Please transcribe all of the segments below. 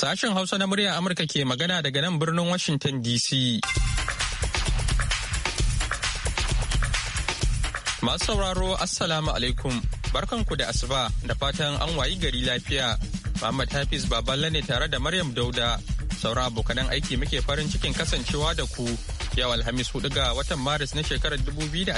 Sashen Hausa na murya Amurka ke magana daga nan birnin Washington DC. Masu sauraro Assalamu alaikum barkanku da asuba da fatan an wayi gari lafiya. Muhammad Hafiz Baballe ne tare da Maryam Dauda. Saura abokanan aiki muke farin cikin kasancewa da ku yau Alhamis 4 ga watan Maris na shekarar 2021.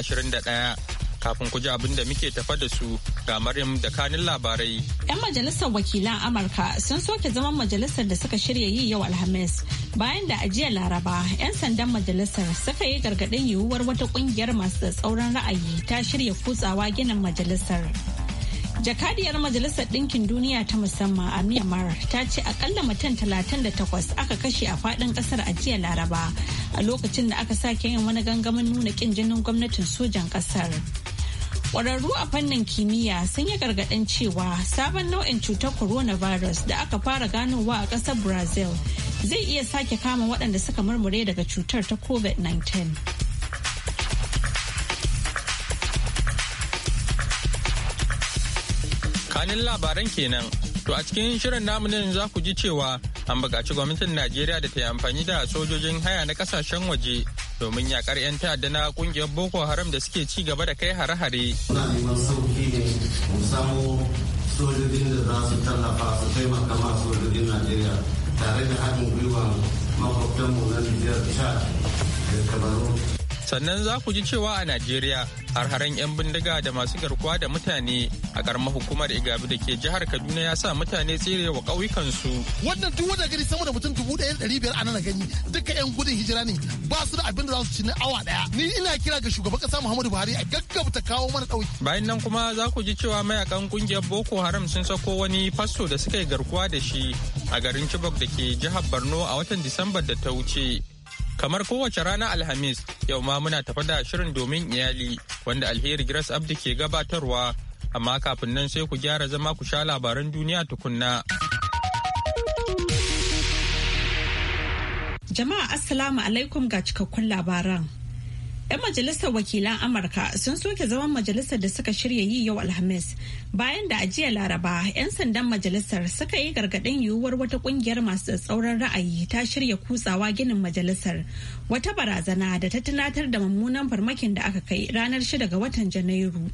kafin ku ji abin da muke tafa da su ga Maryam da kanin labarai. 'Yan majalisar wakilan Amurka sun soke zaman majalisar da suka shirya yi yau Alhamis bayan da jiya Laraba 'yan sandan majalisar suka yi gargaɗin yiwuwar wata ƙungiyar masu tsauran ra'ayi ta shirya kutsawa ginin majalisar. Jakadiyar Majalisar Ɗinkin Duniya ta musamman a Myanmar ta ce akalla mutum 38 aka kashe a faɗin ƙasar a jiya Laraba a lokacin da aka sake yin wani gangamin nuna ƙin jinin gwamnatin sojan ƙasar. Ƙwararru a fannin kimiyya sun yi gargaɗin cewa sabon nau'in cutar coronavirus da aka fara ganowa a ƙasar Brazil zai iya sake kama waɗanda suka murmure daga cutar ta COVID-19. Kanin labaran kenan, to a cikin shirin namunin za ku ji cewa an buƙaci gwamnatin Najeriya da ta yi amfani da sojojin haya na ƙasashen waje domin yakar 'yan ta'adda na kungiyar boko haram da suke ci gaba da kai hare-hare. muna neman sauki ne mu samu sojojin da za su tallafa su taimaka ma sojojin najeriya tare da haɗin gwiwa makwabtanmu na nijar chad da sannan za ku ji cewa a najeriya har-haren 'yan bindiga da masu garkuwa da mutane a karamar hukumar igabi da ke jihar kaduna ya sa mutane tsere wa ƙauyukansu wannan duk wanda gari sama da mutum dubu ɗaya ɗari biyar a nan gani duka 'yan gudun hijira ne ba su da abin da za su ci na awa ɗaya ni ina kira ga shugaban ƙasa muhammadu buhari a gaggabta kawo mana ɗauki bayan nan kuma za ku ji cewa mayakan ƙungiyar boko haram sun sako wani fasto da suka yi garkuwa da shi a garin chibok da ke jihar borno a watan disambar da ta wuce Kamar kowace rana Alhamis, yau ma muna tafa da shirin domin iyali wanda alheri Grace Abdi ke gabatarwa, amma kafin nan sai ku gyara zama ku sha labaran duniya tukunna. Jama'a Assalamu alaikum ga cikakkun labaran. 'Yan majalisar wakilan Amurka sun soke zaman majalisar da suka shirya yi yau Alhamis bayan da a jiya Laraba 'yan sandan majalisar suka yi gargaɗin yiwuwar wata ƙungiyar masu tsauran ra'ayi ta shirya kutsawa ginin majalisar wata barazana da ta tunatar da mummunan farmakin da aka kai ranar 6 ga watan Janairu.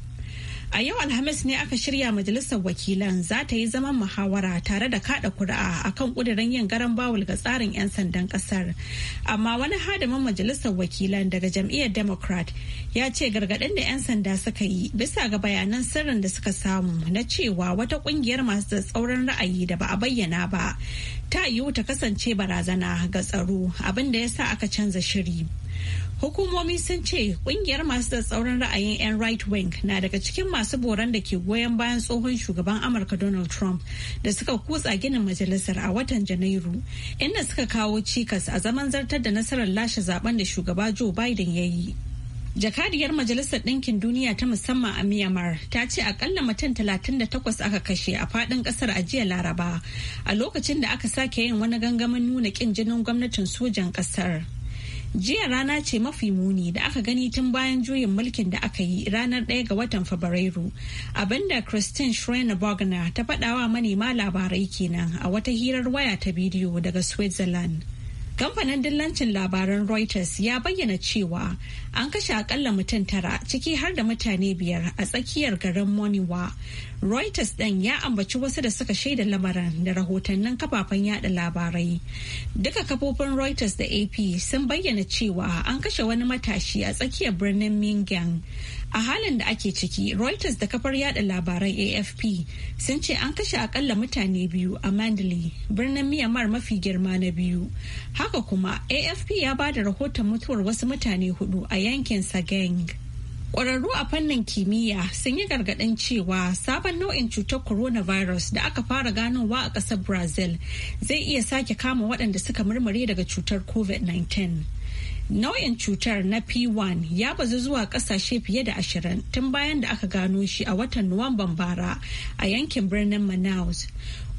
A yau Alhamis ne aka shirya majalisar wakilan za ta yi zaman muhawara tare da kada kuri'a akan kudirin yin garan bawul ga tsarin 'yan sandan kasar. Amma wani hadimin majalisar wakilan daga jam'iyyar Democrat ya ce gargaɗin da 'yan sanda suka yi bisa ga bayanan sirrin da suka samu na cewa wata ƙungiyar masu tsauran ra'ayi da ba a bayyana ba ta yiwu ta kasance barazana ga tsaro abin da ya aka canza shiri. Hukumomi sun ce kungiyar masu tsaurin ra'ayin 'yan right wing na daga cikin masu boran da ke goyon bayan tsohon shugaban Amurka Donald Trump da suka kutsa ginin majalisar a watan Janairu inda suka kawo cikas a zaman zartar da nasarar lashe zaben da shugaba Joe Biden ya yi. Jakadiyar Majalisar Ɗinkin Duniya ta musamman a Myanmar ta ce akalla mutum 38 aka kashe a faɗin ƙasar a jiya Laraba a lokacin da aka sake yin wani gangamin nuna ƙin jinin gwamnatin sojan ƙasar. jiya rana ce mafi muni da aka gani tun bayan juyin mulkin da aka yi ranar 1 ga watan fabrairu abinda christine shrine bogner ta faɗawa manema labarai kenan a wata hirar waya ta bidiyo daga switzerland Kamfanin dillancin labaran Reuters ya bayyana cewa an kashe akalla mutum tara ciki har da mutane biyar a tsakiyar garin Moniwa. Reuters ɗin ya ambaci wasu da suka shaida lamarin da rahotannin kafafen yada labarai. Duka kafofin Reuters da AP sun bayyana cewa an kashe wani matashi a tsakiyar birnin Mingyang. a halin da ake ciki reuters da kafar yada labaran afp sun ce an kashe akalla mutane biyu a mandalay birnin miyamar mafi girma na biyu haka kuma afp ya ba da rahoton mutuwar wasu mutane hudu a yankin gang Ƙwararru a fannin kimiyya sun yi gargaɗin cewa sabon nau'in cutar coronavirus da aka fara ganowa a ƙasar Brazil zai iya sake kama waɗanda suka murmure daga cutar COVID-19. Nau'in cutar na P1 ya bazu zuwa ƙasashe fiye da ashirin tun bayan da aka gano shi a watan Nuwamban bara a yankin birnin Manaus.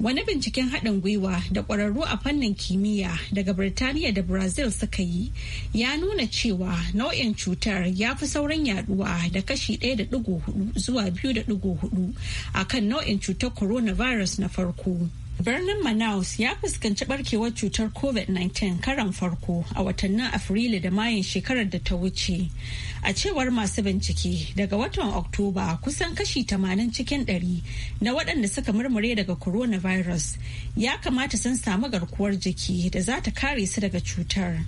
Wani binciken haɗin gwiwa da ƙwararru a fannin kimiyya daga Birtaniya da Brazil suka yi ya nuna cewa nau'in cutar ya fi sauran yaduwa da kashi 1.4 zuwa 2.4 a kan nau'in cutar coronavirus na farko. Birnin Manaus ya fuskanci barkewar cutar COVID-19 karan farko a watannin Afrilu da Mayun shekarar da ta wuce. A cewar masu bincike daga watan Oktoba kusan kashi 80 cikin 100 na waɗanda suka murmure daga coronavirus ya kamata sun samu garkuwar jiki da za ta kare su daga cutar.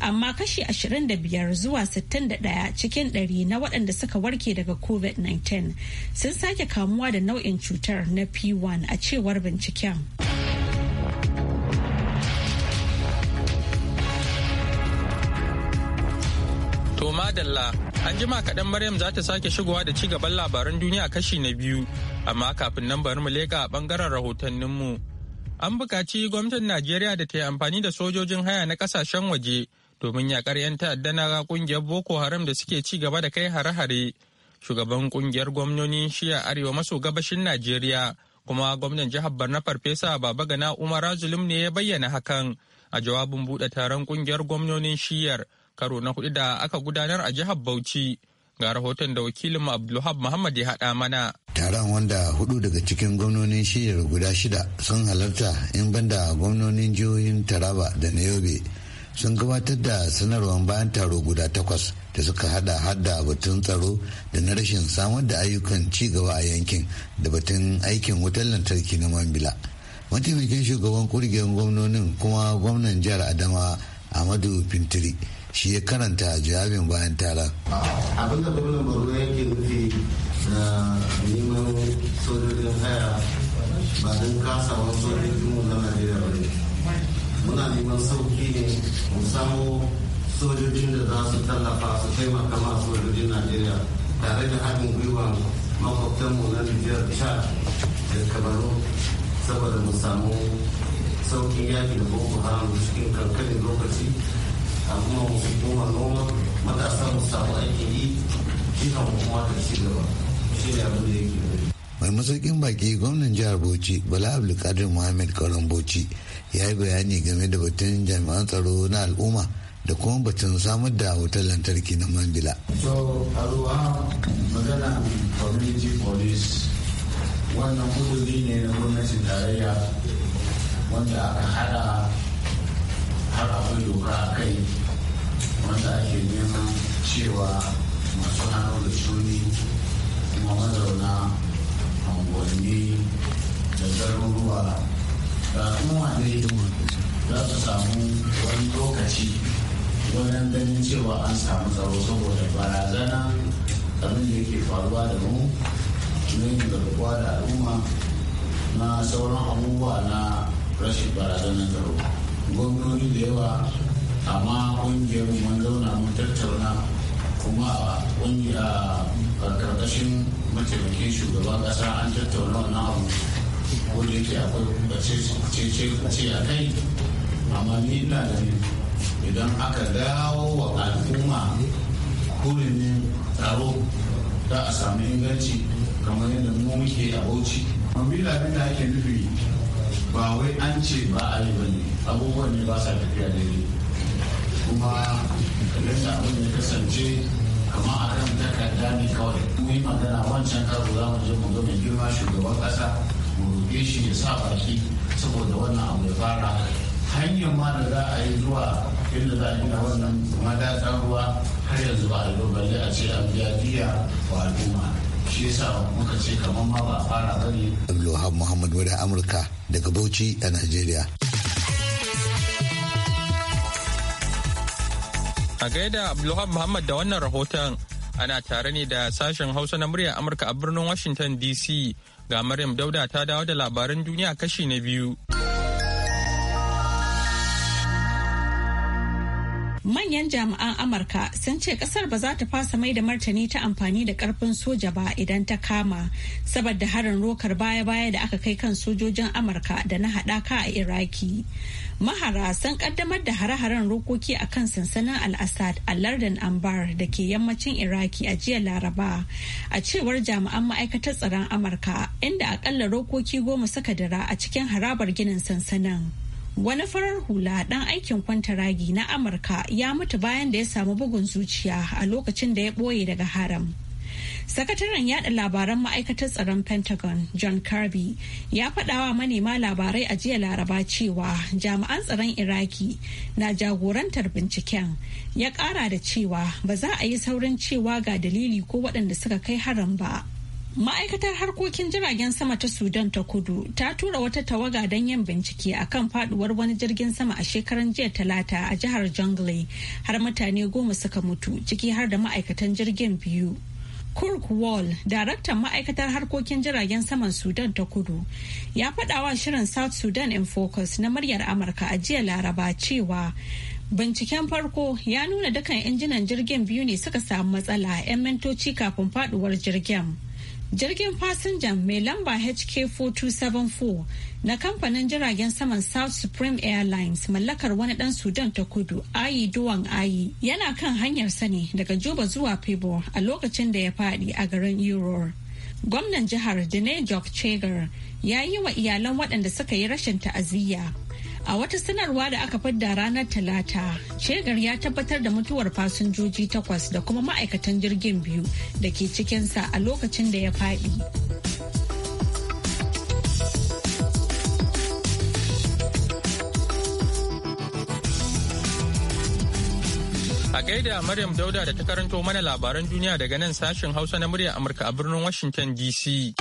amma kashi 25 zuwa 61 cikin 100 na waɗanda suka warke daga covid-19 sun sake kamuwa da nau'in cutar na p1 a cewar binciken. To madalla an jima kaɗan Maryam za ta sake shigowa da ci gaban labaran duniya kashi na biyu, amma kafin nan bari mu leƙa a ɓangaren rahotanninmu. mu. An buƙaci gwamnatin Najeriya da ta yi amfani da sojojin haya na ƙasashen waje domin yaƙar 'yan ta'adda na ƙungiyar Boko Haram da suke ci gaba da kai hare-hare. Shugaban ƙungiyar gwamnonin shiya arewa maso gabashin Najeriya kuma gwamnan jihar Barna Farfesa baba gana Umar Zulum ne ya bayyana hakan a jawabin buɗe taron ƙungiyar gwamnonin shiyar karo na hudu da aka gudanar a jihar Bauchi. Ga rahoton da wakilin Abdulhab Muhammad ya haɗa mana. Taron wanda hudu daga cikin gwamnonin shiyar guda shida sun halarta in banda gwamnonin jihohin Taraba da Nayobe sun gabatar da sanarwar bayan taro guda takwas da suka hada hada batun tsaro da na rashin samar da ayyukan ci gaba a yankin da batun aikin wutar lantarki na mambila mataimakin shugaban kungiyar gwamnonin kuma gwamnan jihar adama Ahmadu fintiri shi ya karanta jawabin bayan taron. abin da gwamnan borno yake nufi da neman sojojin haya ba don kasawar sojojin mu na najeriya ba ne muna neman sauki ne mu samu sojojin da za su tallafa su taimaka ma sojojin najeriya tare da haɗin gwiwa makwabtan mu na nijar chad da kamaru saboda mu samu sauƙin yaki da boko haram cikin kankanin lokaci al'umma mu su koma noma matasan mu samu aikin yi jiha mu kuma ta ci gaba shi ne abu da yake mai masaukin baki gwamnan jihar bauchi bala abdulkadir muhammad karon bauchi ya yi bayani game da batun jami'an tsaro na al'umma da kuma batun samar da wutar lantarki na mandila so a ruwa magana community police wannan kudu ne na gwamnatin tarayya wanda aka hada har akwai doka a kai wanda ake neman cewa masu hannu da suni kuma mazauna unguwanni da garuruwa da kuma za su samu wani lokaci wajen ganin cewa an samu tsaro saboda barazana abin da yake faruwa da mu na garkuwa da al'umma na sauran abubuwa na rashin barazanar tsaro. gwamnoni da yawa amma kungiyar mun zauna mun tattauna kuma a ƙarƙashin mataimakin shugaban ƙasa an tattauna wannan abu ko da yake akwai bace a kai amma ni ina da ni idan aka dawo wa al'umma hurumin tsaro za a samu inganci kamar yadda mu muke a bauchi. Mambila abin ake nufi ba wai an ce ba a yi ba ne abubuwan ne ba sa tafiya daidai kuma da abin ya kasance kama a kan takarda ne kawai kuma yi magana wancan karo za mu je mu zo mai girma shugaban kasa mu roƙe shi ya sa baki saboda wannan abu ya fara hanyar ma da za a yi zuwa inda za a gina wannan madatsar ruwa har yanzu ba a yi balle a ce an biya biya wa al'umma shi yasa muka ce kamar ma ba a fara bane Abdulwahab Muhammad wadda Amurka daga Bauchi a Najeriya A gaida Abdulwahab Muhammad da wannan rahoton ana tare ne da sashen Hausa na muryar Amurka a birnin Washington DC ga Maryam Dauda ta dawo da labaran duniya kashi na biyu. Manyan jami'an Amurka sun ce kasar ba za ta fasa mai da martani ta amfani da karfin soja ba idan ta kama, saboda harin rokar baya-baya da aka kai kan sojojin Amurka da na haɗaka a Iraki. Mahara sun kaddamar da hare-haren rokoki a kan sansanin Al-Assad a lardin Ambar da ke yammacin Iraki a jiya Laraba, a cewar jami'an ma'aikatar tsaron Amurka, inda akalla rokoki goma suka dira a cikin harabar ginin sansanin. wani farar hula dan aikin kwantaragi na amurka ya mutu bayan da ya samu bugun zuciya a lokacin da ya ɓoye daga haram sakataren yada labaran ma'aikatar tsaron pentagon john kirby ya faɗawa manema labarai a jiya laraba cewa jami'an tsaron iraki na jagorantar binciken ya ƙara da cewa ba za a yi saurin cewa ga dalili ko waɗanda suka kai haram ba Ma'aikatar harkokin jiragen sama ta Sudan ta kudu ta tura wata tawaga don yin bincike a kan faduwar wani jirgin sama a shekaran jiya talata a jihar Jonglei har mutane goma suka mutu ciki har da ma'aikatan jirgin biyu. Kirk Wall, daraktan ma'aikatar harkokin jiragen saman Sudan ta kudu, ya faɗawa shirin South Sudan in Focus na muryar Amurka a jiya Laraba cewa Binciken farko ya nuna dukan injinan jirgin biyu ne suka samu matsala 'yan mintoci kafin faduwar jirgin. jirgin fasinjan mai lamba hk4274 na kamfanin jiragen saman south supreme airlines mallakar wani dan sudan ta kudu ayi duwan ayi yana kan hanyar sani daga juba zuwa fibor a lokacin da ya fadi a garin euror gwamnan jihar dine jock chegar ya yi wa iyalan waɗanda suka yi rashin ta'aziyya A wata sanarwa da aka fadda ranar Talata, shegar ya tabbatar da mutuwar fasinjoji takwas da kuma ma'aikatan jirgin biyu da ke cikinsa a lokacin da ya faɗi. A gaida Maryam Dauda da ta karanto mana labaran duniya daga nan sashen Hausa na murya Amurka a birnin Washington DC.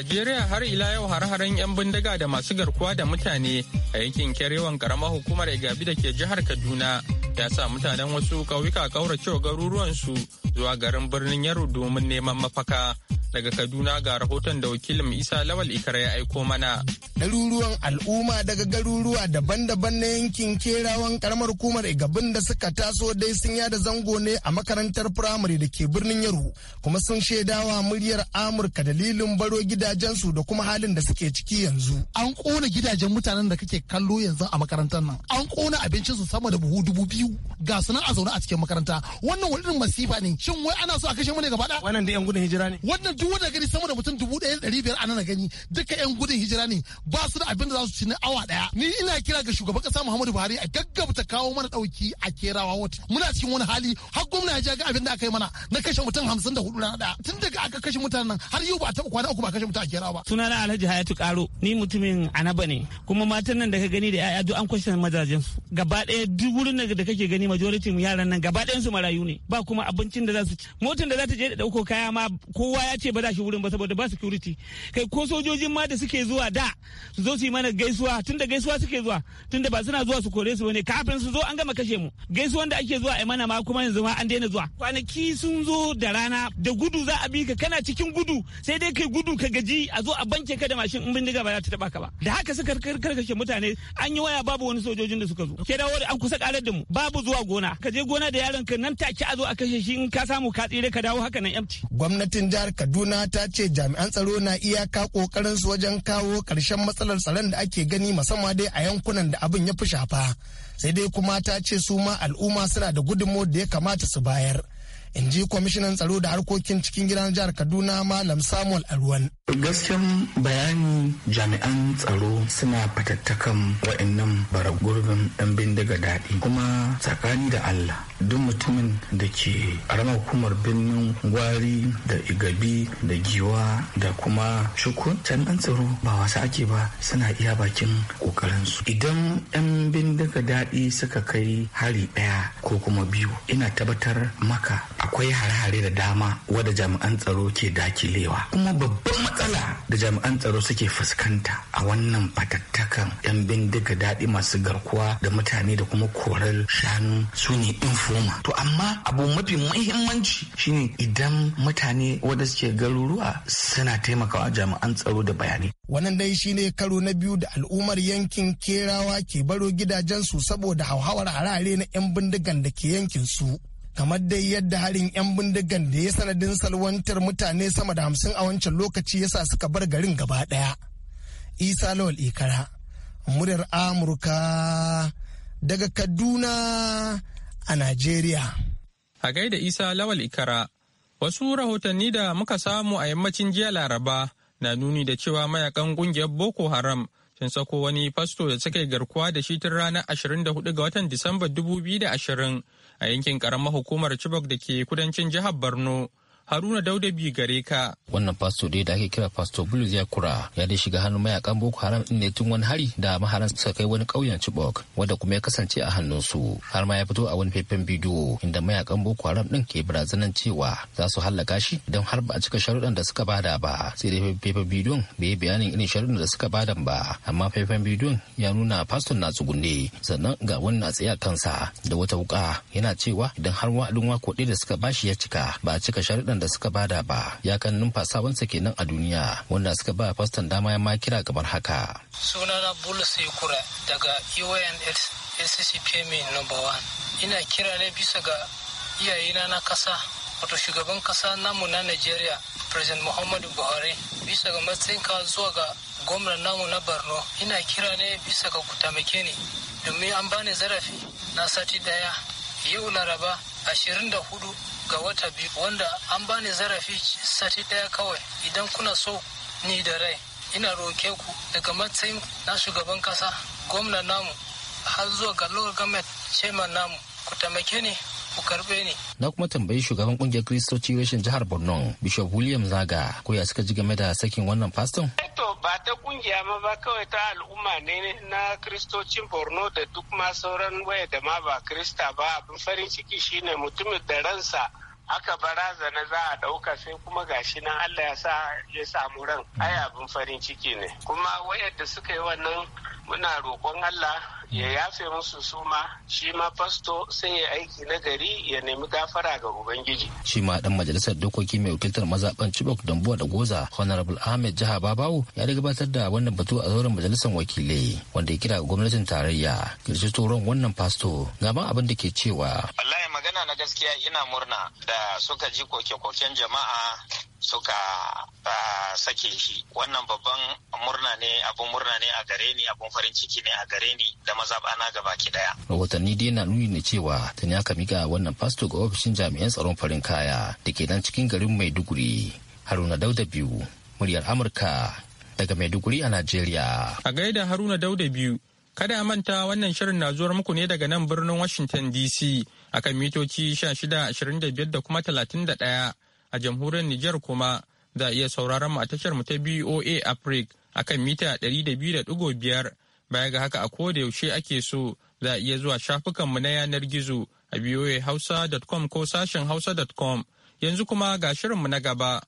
Najeriya har ila yau har-haren 'yan bindiga da masu garkuwa da mutane a yankin kerewan karamar hukumar Igabi da ke jihar Kaduna ya sa mutanen wasu ƙauyuka ƙauracewa garuruwansu zuwa garin birnin Yaro domin neman mafaka Daga Kaduna ga rahoton da wakilin Isa Lawal Ikara ya aiko mana. Ɗaruruwan al'umma daga garuruwa daban-daban na yankin kerawan karamar hukumar Igabin da suka taso dai sun yada zango ne a makarantar firamare da ke birnin Yaro kuma sun shaidawa muryar Amurka dalilin baro gidajensu da kuma halin da suke ciki yanzu. An kona gidajen mutanen da kake kallo yanzu a makarantar nan. An kona su sama da buhu dubu biyu ga su nan a zaune a cikin makaranta. Wannan wani masifa ne. Shin wai ana so a kashe mu ne gaba Wannan da 'yan gudun hijira ne. Wannan duk wanda gani sama da mutum dubu ɗaya ɗari biyar a nan gani duka yan gudun hijira ne ba su da abin da za su ci na awa ɗaya ni ina kira ga shugaban ƙasa Muhammadu Buhari a gaggabta kawo mana ɗauki a kerawa wata muna cikin wani hali har gwamna ya ga abin da aka yi mana na kashe mutum hamsin da hudu na ɗaya tun daga aka kashe mutanen nan har yau ba a taɓa kwana uku ba kashe mutum a kerawa ba. Sunana Alhaji Hayatu Karo ni mutumin Anaba ne kuma matan nan da ka gani da 'ya'ya duk an kwashe mazajen su gaba ɗaya duk wurin da kake gani majority yaran nan gaba ɗayan su marayu ne ba kuma abincin da za su ci motar da za ta je da ɗauko kaya ma kowa ya ce ce ba za shi wurin ba saboda ba security kai ko sojojin ma da suke zuwa da su zo su yi mana gaisuwa tunda gaisuwa suke zuwa tunda ba suna zuwa su kore su bane kafin su zo an gama kashe mu gaisuwan da ake zuwa a mana ma kuma yanzu ma an daina zuwa kwanaki sun zo da rana da gudu za a bi ka kana cikin gudu sai dai kai gudu ka gaji a zo a banke ka da mashin in bindiga ba za ta taba ka ba da haka suka karkashe mutane an yi waya babu wani sojojin da suka zo ke dawo an kusa karar da mu babu zuwa gona ka je gona da yaron ka nan take a zo a kashe shi in ka samu ka tsire ka dawo haka nan empty gwamnatin jihar Kaduna Kaduna ta ce jami'an tsaro na iyaka kokarin su wajen kawo karshen matsalar tsaron da ake gani musamman dai a yankunan da abin ya fi shafa. Sai dai kuma ta ce su ma al'umma suna da gudunmawar da ya kamata su bayar. in ji kwamishinan tsaro da harkokin cikin gidan jihar kaduna malam samuel alwan gasken bayani jami'an tsaro suna fatattakan wa'annan bara gurbin dan bindiga daɗi kuma tsakani da allah duk mutumin da ke ƙaramar hukumar birnin gwari da igabi da giwa da kuma shukun jami'an tsaro ba wasa ake ba suna iya bakin ƙoƙarinsu idan 'yan bindiga daɗi suka kai hari ɗaya ko kuma biyu ina tabbatar maka akwai hare-hare da dama wadda jami'an tsaro ke dakilewa kuma babban matsala da jami'an tsaro suke fuskanta a wannan fatattakan 'yan bindiga daɗi masu garkuwa da mutane da kuma korar shanu su ne to amma abu mafi muhimmanci shine idan mutane wanda suke garuruwa suna taimakawa jami'an tsaro da bayanai wannan dai shine karo na biyu da al'ummar yankin kerawa ke baro gidajensu saboda hauhawar harare na 'yan bindigan da ke yankin su kamar dai yadda harin 'yan bindigan da ya sanadin salwantar mutane sama da hamsin a wancan lokaci yasa suka bar garin gaba daya isa lawal ikara muryar amurka daga kaduna a Najeriya. A gaida Isa Lawal Ikara, wasu rahotanni da muka samu a yammacin jiya Laraba na nuni da cewa mayakan kungiyar Boko Haram sun sako wani fasto da suka yi garkuwa da shi tun ranar 24 ga watan Disamba 2020 a yankin karamar hukumar Chibok da ke kudancin jihar Borno. Haruna Dauda bi gare ka. Wannan fasto ɗaya da ake kira fasto Blues ya kura ya dai shiga hannun mayakan Boko Haram ɗin ne tun wani hari da maharan suka kai wani ƙauyen Chibok wanda kuma ya kasance a hannunsu har ma ya fito a wani faifan bidiyo inda mayakan Boko Haram ɗin ke barazanan cewa za su hallaka shi don har ba a cika sharuɗan da suka bada ba sai dai faifan bidiyon bai bayanin irin sharuɗan da suka bada ba amma faifan bidiyon ya nuna faston na tsugunne sannan ga wannan na tsaye kansa da wata wuka yana cewa idan har wa'adin wako ɗaya da suka bashi ya cika ba a cika sharuɗan da suka bada ba ya kan numfasawansa kenan a duniya wanda suka ba faston dama ya ma kira kamar haka. Sunana Bulus kura daga UN e SCPMA number one. Ina kira ne bisa ga iyayena na kasa wato shugaban kasa namu na nigeria President Muhammadu Buhari bisa ga matsayinka zuwa ga gwamna namu na Borno ina kira ne bisa ga ku taimake ni domin an bani zarafi na sati daya yau laraba 24 ga wata biyu wanda an bani zarafi sati daya kawai idan kuna so ni da rai ina roke ku daga matsayin na shugaban kasa gwamna namu har zuwa ga local government chairman namu ku taimake ni ku karbe ne. Na kuma tambayi shugaban kungiyar Kiristoci rashin jihar Borno, Bishop William Zaga, ko ya suka ji game da sakin wannan faston? To ba ta kungiya ma ba kawai ta al'umma ne na Kiristocin Borno da duk ma sauran waya da ma ba Kirista ba abin farin ciki shine mutumin da ransa aka barazana za a ɗauka sai kuma gashi nan Allah ya sa ya samu ran ai abin farin ciki ne kuma wayar da suka yi wannan muna roƙon Allah ya mm. yafe musu suma shi ma fasto sai ya aiki na gari ya nemi gafara ga ubangiji shi ma dan majalisar dokoki mai wakiltar mazaban chibok dambuwa da goza honorable ahmed jiha babawo ya gabatar da wannan batu a zauren majalisar wakilai wanda ya kira ga gwamnatin tarayya kirshi wannan fasto gaban abin da ke cewa magana na gaskiya ina murna da suka ji koke-koken jama'a suka sake shi wannan babban murna ne abun murna ne a gare ni abun farin ciki ne a gare ni da mazaɓana gaba ki daya. rahotanni dai na nuni da cewa ta ne aka miga wannan fasto ga ofishin jami'an tsaron farin kaya da ke nan cikin garin maiduguri haruna dauda biyu muryar amurka daga maiduguri a najeriya. a gaida haruna dauda biyu kada a manta wannan shirin na zuwar muku ne daga nan birnin washington dc akan mitoci 1625 da kuma 31 a jamhuriyar Nijar kuma za a iya sauraron a tashar mu ta BOA Africa akan mita 200.5 baya ga haka a koda yaushe ake so za a iya zuwa shafukanmu na yanar gizo a boahausa.com ko sashen hausa.com yanzu kuma ga shirinmu na gaba.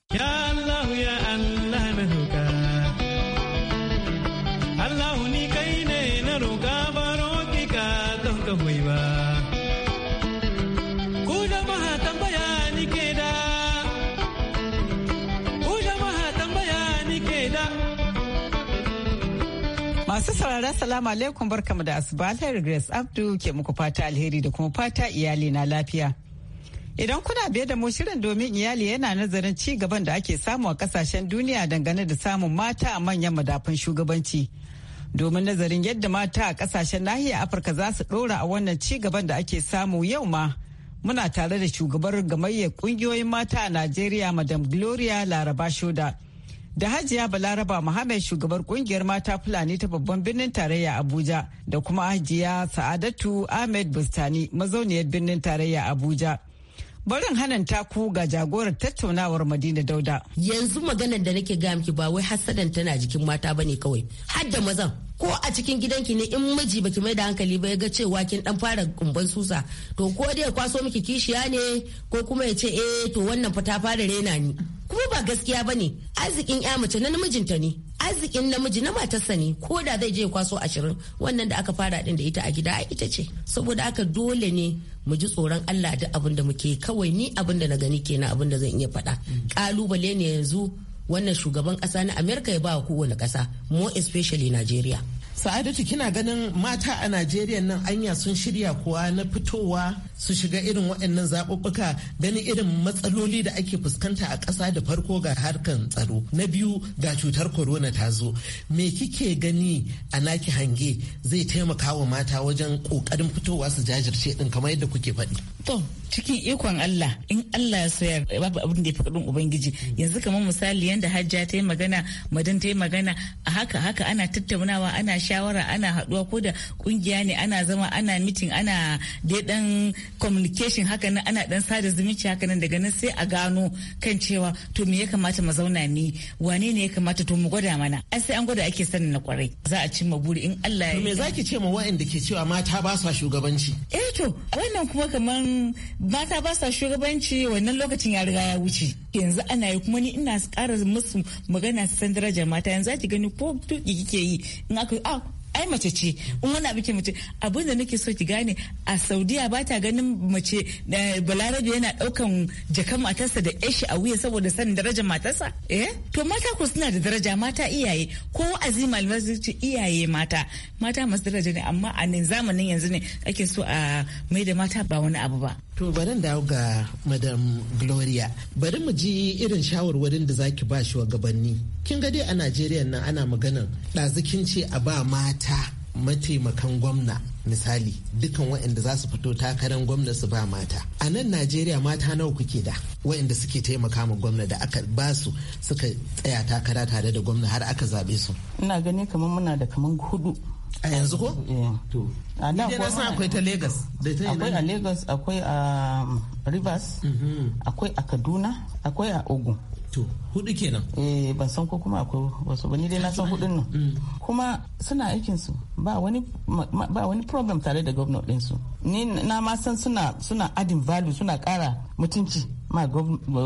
Assalamu alaikum barkamu da asuba alheri Grace Abdu ke muku fata alheri da kuma fata iyali na lafiya. Idan kuna biye da mu shirin domin iyali yana nazarin ci gaban da ake samu a kasashen duniya dangane da samun mata a manyan madafun shugabanci. Domin nazarin yadda mata a kasashen nahiyar Afirka za su ɗora a wannan ci gaban da ake samu yau ma. Muna tare da shugabar gamayyar ƙungiyoyin mata a Najeriya Madam Gloria Laraba Shoda. da hajiya balaraba muhammad shugabar kungiyar mata fulani ta babban birnin tarayya abuja da kuma hajiya sa'adatu ahmed bustani mazauniyar birnin tarayya abuja barin hanan taku ga jagorar tattaunawar madina dauda yanzu maganar da nake ga miki ba wai hasadan tana jikin mata bane kawai har da mazan ko a cikin gidanki ne in miji baki mai da hankali ba ya ga cewa kin dan fara kumban susa to ko dai kwaso miki kishiya ne ko kuma ya ce eh to wannan fa ta fara rena ni kuma ba gaskiya bane arzikin ya mace na namijinta ne arzikin namiji na matarsa ne ko da zai je kwaso ashirin wannan da aka fara din da ita a gida a ita ce saboda aka dole ne mu ji tsoron Allah da abin da muke kawai ni abin da na gani kenan abin da zan iya faɗa kalubale ne yanzu wannan shugaban kasa na amerika ya ba wa kowane kasa more especially nigeria Sa'adatu kina ganin mata a Najeriya nan anya sun shirya kuwa na fitowa su shiga irin waɗannan zaɓuɓɓuka gani irin matsaloli da ake fuskanta a ƙasa da farko ga harkar tsaro. Na biyu ga cutar korona ta zo. Me kike gani a naki hange zai taimaka wa mata wajen ƙoƙarin fitowa su jajirce ɗin kamar yadda kuke faɗi. To cikin ikon Allah in Allah ya sayar babu abin da ya faɗin Ubangiji yanzu kamar misali yadda hajja ta yi magana madan ta yi magana a haka haka ana tattaunawa ana sha shawara ana haduwa ko da kungiya ne ana zama ana mitin ana dai dan communication haka nan ana dan sada zumunci haka nan daga nan sai a gano kan cewa to me ya kamata mu zauna ni wane ne ya kamata to mu gwada mana ai sai an gwada ake sanin na kwarai za a cimma buri in Allah ya me zaki ce ma waɗanda ke cewa mata ba sa shugabanci eh to wannan kuma kaman mata ba sa shugabanci wannan lokacin ya riga ya wuce yanzu ana yi kuma ni ina ƙara musu magana su san darajar mata yanzu zaki gani ko tuki kike yi in aka a ah, ai mace ce in wani abu ke mace abin da nake so ki gane a saudiya ba ta ganin mace da eh, balarabe yana daukan jakan matarsa da yashi a wuya saboda sanin darajar matarsa eh to mata ko suna da daraja mata iyaye ko wa'azi malamai ce iyaye mata mata masu daraja ne amma a nan zamanin yanzu ne ake so a mai da mata ba wani abu ba To bari dawo ga Madam Gloria. Bari mu ji irin shawarwarin da zaki ba shi gabanni Kin ga dai a Najeriya nan ana maganan ɗazikin ce a ba mata mataimakan gwamna misali dukan waɗanda za su fito takarar gwamna su ba mata. A nan Najeriya mata nawa kuke da waɗanda suke taimaka ma gwamna da aka ba su suka tsaya takara tare da gwamna har aka zaɓe su. Ina gani kamar muna da kamar hudu. a yanzu ko? Eh, to na san akwai ta lagos akwai a lagos akwai a um, rivers mhm. akwai a kaduna akwai a ogun to hudu kenan eh ban san ko kuma akwai wasu ba ni dai na san hudun nan mm. kuma suna aikin su ba wani ba wani problem tare da gwamnati din su ni na ma san suna suna adding value suna kara mutunci ma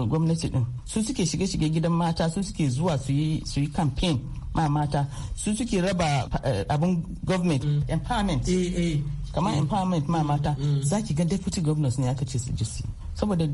gwamnati din su suke shige-shige gidan mata su suke zuwa su yi campaign ma mata su suke raba eh, abun government mm. empowerment eh, eh. kamar mm. empowerment ma mata mm. za ki ga deputy governors ne aka ce su jisi saboda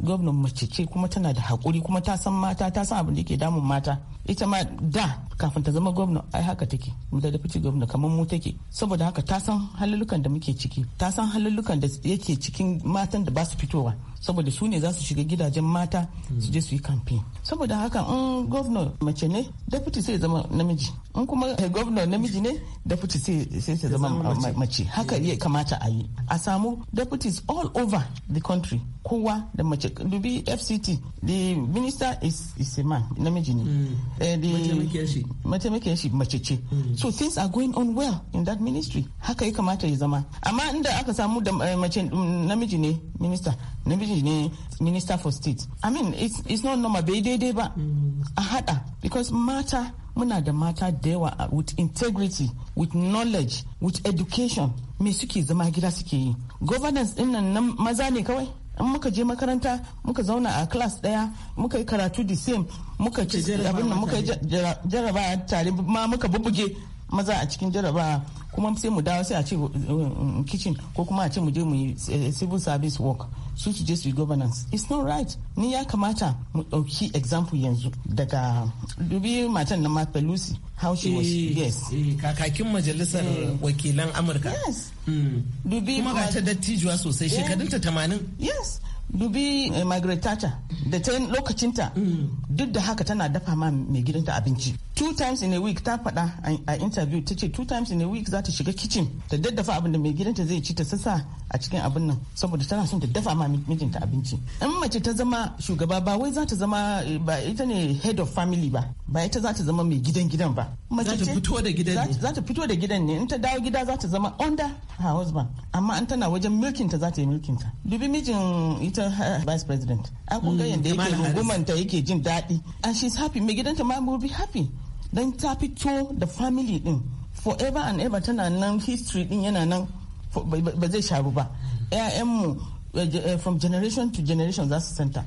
gwamnan mace ce kuma tana da haƙuri kuma ta san mata ta san abin da ke damun mata ita ma da kafin ta zama gwamna ai haka take da deputy gwamna kamar mu take saboda haka ta san halalukan da muke ciki ta san halalukan da yake cikin matan da ba su fitowa saboda su ne za su shiga gidajen mata su je su yi campaign saboda haka in gwamna mace ne deputy sai zama namiji in kuma gwamna namiji ne deputy sai ta zama mace haka ya kamata a yi a samu deputies all over the country kowa da mace dubi fct the minister is, is a man namiji ne hmm. eh, mataimakiyar shi mace ce hmm. so things are going on well in that ministry haka ya kamata ya zama amma inda aka samu da eh, mace mm, namiji ne minister namiji ne minister for state i mean it's, it's not normal bai daidai ba hmm. a hada because mata muna da mata da yawa uh, with integrity with knowledge with education me suke zama gida suke yi governance din nan maza ne kawai in muka je makaranta muka zauna a class daya muka yi karatu the same muka ci abin da muka jarabawa tare ma muka bubuge maza a cikin jaraba kuma sai mu dawo sai a ce uh, uh, kitchen ko kuma a ce mu je mu yi uh, civil service work su su je su yi governance it's not right ni ya kamata mu dauki example yanzu daga dubi matan na mata Lucy how she was eh, yes eh, kakakin majalisar eh. wakilan Amurka yes hmm. dubi kuma ga ta dattijuwa sosai shekarunta tamanin. yes dubi Margaret Thatcher da ta lokacinta hmm. duk da haka tana dafa ma mai gidanta abinci two times in a week ta faɗa a interview ta ce two times in a week za ta shiga kitchen ta daddafa abin da mai gidanta zai ci ta sassa a cikin abin nan saboda tana son ta dafa ma mijinta abinci in mace ta zama shugaba ba wai za ta zama eh, ba ita ne head of family ba ba ita za ta zama mai gidan gidan ba za ta fito da gidan ne za ta fito da gidan ne in ta dawo gida za ta zama under her husband amma an tana wajen milkinta za ta yi milkinta dubi mijin ita eh, vice president an kunga hmm, yadda yake rungumanta yake jin daɗi and she's happy mai gidanta ma will be happy don ta fito da family din forever and ever tana nan history din yana nan ba zai sharu ba mu eh, eh, from generation to generation za su santa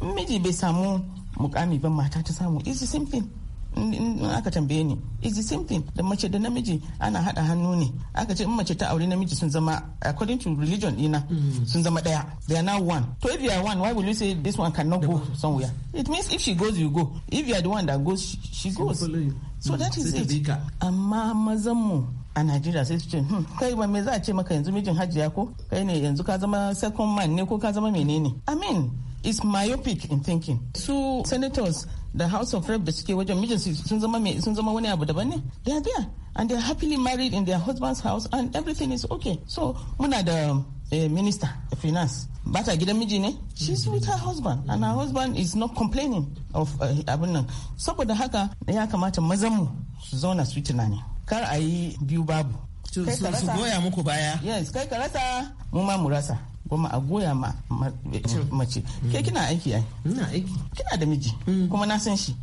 miji bai samu mukami ba mata ta samu it's the same thing in aka tambaye ni is the same thing da mace da namiji ana hada hannu ne aka ce in mace ta aure namiji sun zama according to religion ina. Mm. sun zama daya they are now one to if you are one why will you say this one cannot go somewhere it means if she goes you go if you are the one that goes she goes so mm. that is it amma mazan mu a Najeriya sai su ce hmm, kai ba me za a ce maka yanzu mijin hajiya ko kai ne yanzu ka zama second man ne ko ka zama menene I mean it's myopic in thinking su senators da house of rep da suke wajen mijinsu sun zama sun zama wani abu daban ne they are there and they are happily married in their husband's house and everything is okay so muna da eh, minister of finance ba ta gidan miji ne she's with her husband and her husband is not complaining of eh, abin nan saboda haka ya kamata mazanmu su zauna su tunani kar a yi biyu babu su goya muku baya yes kai ka rasa mu ma mu rasa kuma a goya ma mace mm. Mm. ke kina aiki ai kina da miji mm. kuma na san shi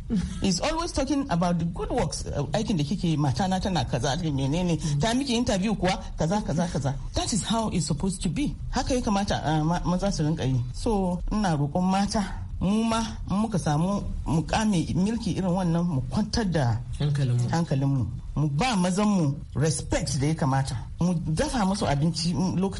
is always talking about the good works uh, aikin da kike mata na tana kaza da menene ta miki interview kuwa kaza kaza kaza that is how it's supposed to be haka ya kamata uh, maza su rinka yi so ina roƙon mata mu ma muka samu mukami milki irin wannan mu kwantar da hankalinmu mu ba mazan mu respect da ya kamata mu dafa musu abinci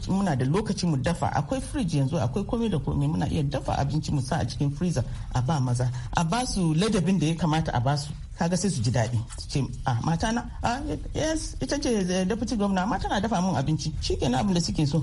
muna da lokaci mu dafa akwai fridge yanzu akwai komai da komai muna iya dafa abinci mu sa a cikin freezer a ba maza a ba su ladabin da ya kamata a ba su kaga sai su ji daɗi su ce a ah, mata na a ah, yes ita ce eh, deputy governor mata na dafa mun abinci shi kenan abin da suke so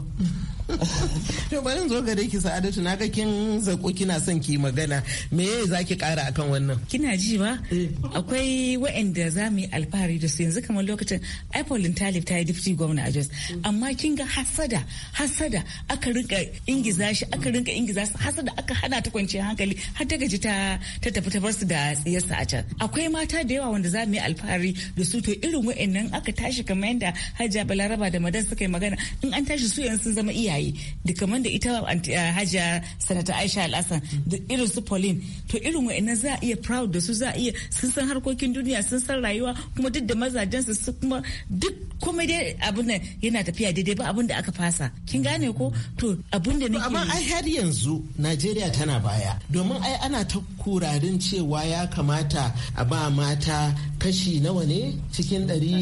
to bari zo gare ki sa'adatu na ga kin zako kina son ki magana me za ki kara akan wannan kina ji ba eh. akwai wa'anda za mu yi alfahari da su yanzu kamar lokacin ai Pauline Talib ta yi deputy governor a amma kin ga hasada hasada aka rinka ingiza shi aka rinka ingiza su hasada aka hana ta kwanciyar hankali har ta gaji ta ta tafi ta barsu da tsiyarsa a can akwai mata da yawa wanda za mu yi alfahari da su to irin wa'annan aka tashi kamar yadda Hajiya Balaraba da Madan suka yi magana in an tashi su yanzu sun zama iyaye da kamar da ita eh, Hajiya Sanata Aisha Alhassan da irin su Pauline to irin wa'annan za a iya proud da su za a iya sun san harkokin duniya sun san rayuwa kuma duk da mazajensu su kuma duk komai dai abin yana tafiya daidai ba abin da aka fasa kin gane ko to abin da nake amma ai har yanzu Najeriya tana baya domin ai ana ta kurarin cewa ya kamata a ba mata kashi nawa ne cikin ɗari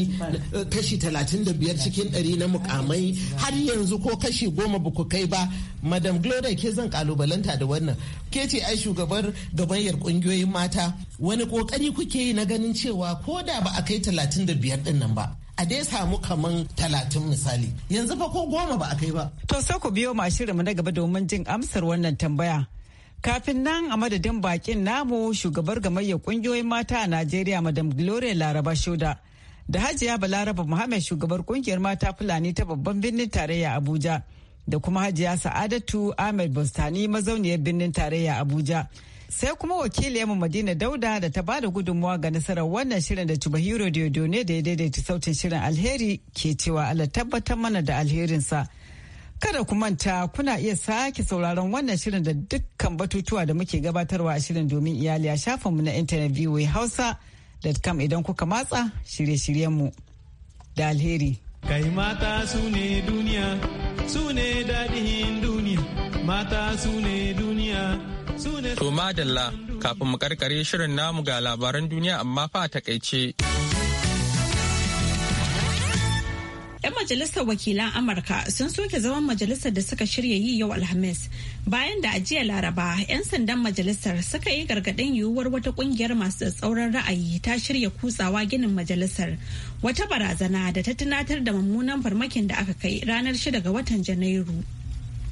kashi talatin da biyar cikin ɗari na mukamai har yanzu ko kashi goma ba ku kai ba madam gloria ke zan kalubalanta da wannan ke ce ai shugabar gabayar kungiyoyin mata wani kokari kuke yi na ganin cewa ko da ba a kai talatin da biyar ɗin nan ba a dai samu kaman talatin misali yanzu fa ko goma ba a kai ba. To sai ku biyo mu na gaba domin jin amsar wannan tambaya. Kafin nan a madadin bakin namu shugabar gamayyar kungiyoyin mata a Najeriya Madam Gloria Laraba Shoda da Hajiya Balaraba Muhammad shugabar kungiyar mata Fulani ta babban birnin tarayya Abuja da kuma Hajiya Sa'adatu Ahmed Bustani mazauniyar birnin tarayya Abuja. sai kuma wakiliyarmu madina dauda da ta bada gudunmawa ga nasarar wannan shirin da tubahiro diodo ne da ya daidaita sautin shirin alheri ke cewa ala tabbatar mana da alherinsa kada ku manta kuna iya sake sauraron wannan shirin da dukkan batutuwa da muke gabatarwa a shirin domin iyali a shafinmu na intanet hausa da kam idan kuka matsa shirye-shiryenmu da alheri kai mata su ne duniya su ne dadihin duniya mata su ne duniya To madalla kafin mu karkare shirin namu ga labaran duniya amma fa a takaice. 'Yan majalisar wakilan Amurka sun soke zaman majalisar da suka shirya yi yau Alhamis bayan da a jiya Laraba 'yan sandan majalisar suka yi gargaɗin yiwuwar wata ƙungiyar masu tsauran ra'ayi ta shirya kutsawa ginin majalisar wata barazana da ta tunatar da mummunan farmakin da aka kai ranar 6 ga watan Janairu.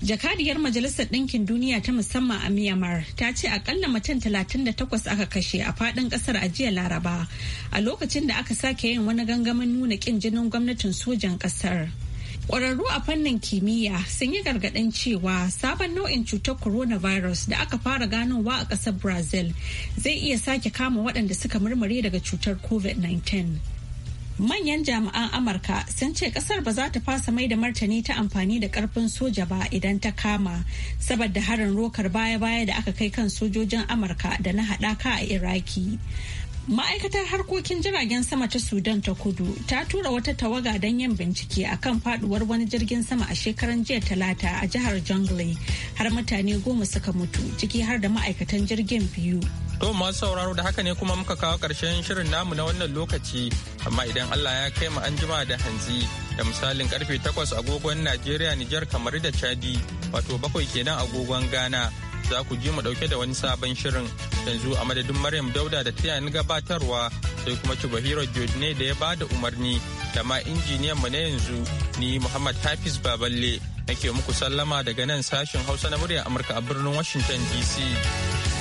jakadiyar majalisar ɗinkin duniya ta musamman a myanmar ta ce akalla mutum 38 aka kashe a faɗin ƙasar a jiya laraba a lokacin da aka sake yin wani gangamin nuna ƙin jinin gwamnatin sojan ƙasar ƙwararru a fannin kimiyya sun yi gargaɗin cewa sabon nau'in cutar coronavirus da aka fara ganowa a ƙasar brazil zai iya sake kama waɗanda suka murmure daga cutar covid-19 manyan jami'an amurka sun ce kasar ba za ta fasa mai da martani ta amfani da karfin soja ba idan ta kama saboda harin rokar baya-baya da aka kai kan sojojin amurka da na haɗaka a iraki Ma'aikatar harkokin jiragen sama ta Sudan ta kudu ta tura wata tawaga don yin bincike akan faduwar wani jirgin sama a shekaran jiya talata a jihar Jonglei har mutane goma suka mutu ciki har da ma'aikatan jirgin biyu. To masu sauraro da haka ne kuma muka kawo ƙarshen shirin namu na wannan lokaci amma idan Allah ya kai mu an jima da hanzi da misalin karfe 8 agogon Najeriya Nijar kamar da Chadi wato bakwai kenan agogon Ghana za ku ji mu dauke da wani sabon shirin yanzu a madadin Maryam Dauda da ta ni gabatarwa sai kuma Chubahiro ne da ya ba da umarni da ma injiniyan mu na yanzu ni Muhammad Hafiz Baballe nake muku sallama daga nan sashen Hausa na muryar Amurka a birnin Washington DC.